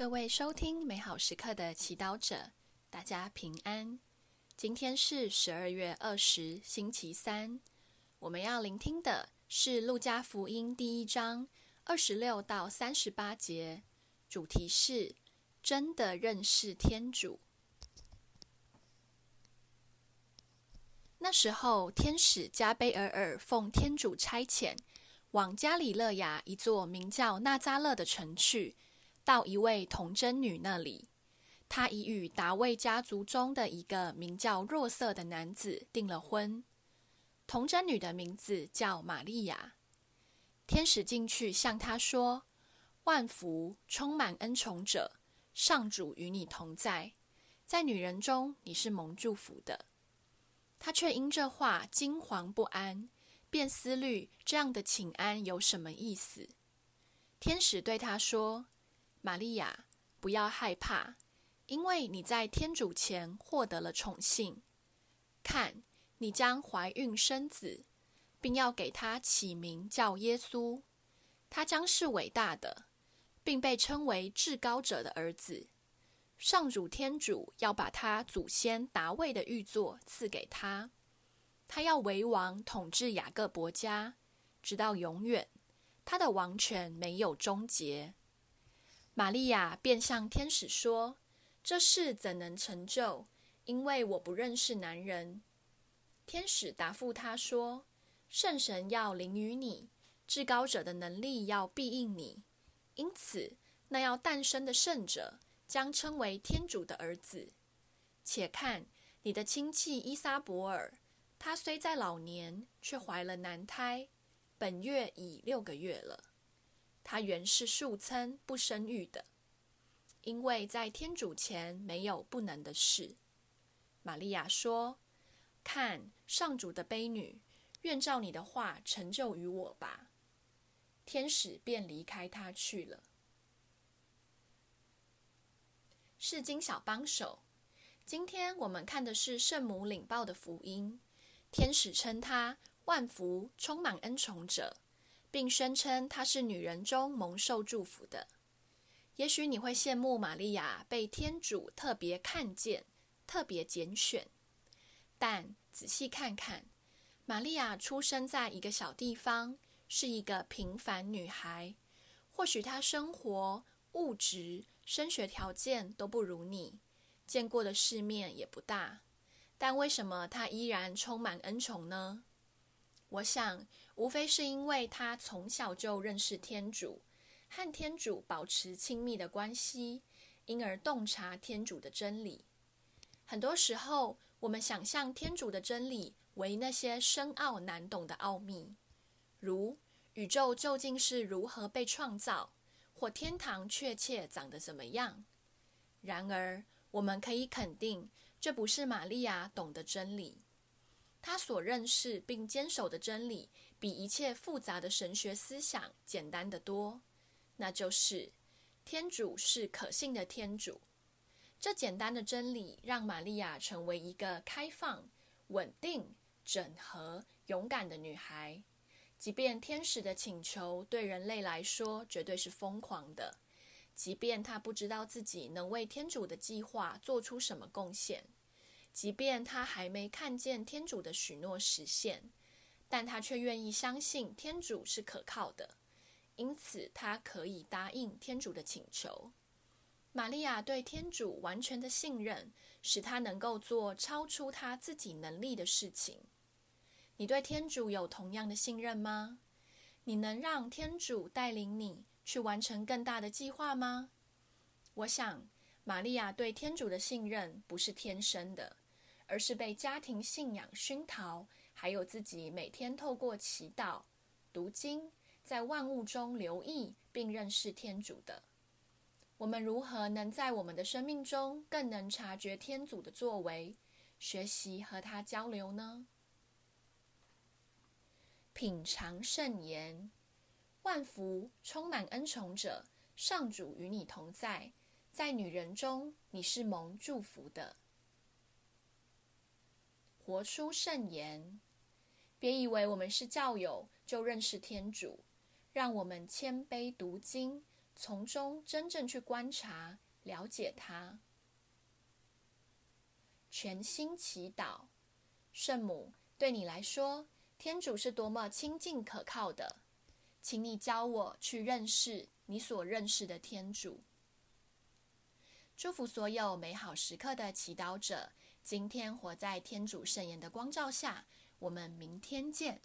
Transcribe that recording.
各位收聽美好時刻的祈禱者，大家平安。今天是十二月二十，星期三。我們要聆聽的是《路加福音》第一章二十六到三十八節，主題是真的認識天主。那時候，天使加俾額爾奉天主差遣，往加里肋亞一座名叫納匝肋的城去。到一位童貞女那裡，她已與達味家族中的一個名叫若瑟的男子訂了婚。童貞女的名字叫瑪利亞。天使進去向她說：“萬福，充滿恩寵者，上主與你同在。在女人中你是蒙祝福的。”她卻因這話驚惶不安，便思慮這樣的請安有什麼意思。天使對她說：瑪利亞，不要害怕，因為你在天主前獲得了寵幸。看，你將懷孕生子，並要給他起名叫耶穌。他將是偉大的，並被稱為至高者的兒子。上主天主要把他祖先達味的御座賜給他，他要為王統治雅各伯家，直到永遠。他的王權沒有終結。瑪利亞便向天使說：“這事怎能成就？因為我不認識男人。”天使答覆她說：“聖神要臨於你，至高者的能力要庇廕你，因此那要誕生的聖者將稱為天主的兒子。且看你的親戚依撒伯爾，她雖在老年，卻懷了男胎，本月已六個月了。”她原是素稱不生育的，因為在天主前沒有不能的事。瑪利亞說：“看，上主的婢女，願照你的話成就於我吧。”天使便離開她去了。釋經小幫手，今天我們看的是聖母領報的福音。天使稱她萬福，充滿恩寵者。並聲稱她是女人中蒙受祝福的。也許你會羨慕瑪利亞被天主特別看見、特別揀選，但仔細看看，瑪利亞出生在一個小地方，是一個平凡女孩。或許她生活、物質、升學條件都不如你，見過的世面也不大。但為什麼她依然充滿恩寵呢？我想，無非是因為她從小就認識天主，和天主保持親密的關係，因而洞察天主的真理。很多時候，我們想象天主的真理為那些深奧難懂的奧秘，如宇宙究竟是如何被創造，或天堂確切長得怎麼樣？然而，我們可以肯定，這不是瑪利亞懂的真理。她所認識並堅守的真理，比一切複雜的神學思想簡單得多。那就是，天主是可信的天主。這簡單的真理讓瑪利亞成為一個開放、穩定、整合、勇敢的女孩。即便天使的請求對人類來說絕對是瘋狂的，即便她不知道自己能為天主的計劃做出什麼貢獻。即便她還沒看見天主的許諾實現，但她卻願意相信天主是可靠的，因此她可以答應天主的請求。瑪利亞對天主完全的信任，使她能夠做超出她自己能力的事情。你對天主有同樣的信任嗎？你能讓天主帶領你去完成更大的計劃嗎？我想，瑪利亞對天主的信任不是天生的。而是被家庭信仰熏陶，還有自己每天透過祈禱、讀經，在萬物中留意並認識天主的。我們如何能在我們的生命中更能察覺天主的作為，學習和他交流呢？品嚐聖言，萬福，充滿恩寵者，上主與你同在，在女人中你是蒙祝福的。活出聖言，別以為我們是教友就認識天主，讓我們謙卑讀經，從中真正去觀察、了解他。全心祈禱，聖母，對你來說，天主是多麼親近可靠的，請你教我去認識你所認識的天主。祝福所有美好時刻的祈禱者。今天活在天主聖言的光照下，我們明天見。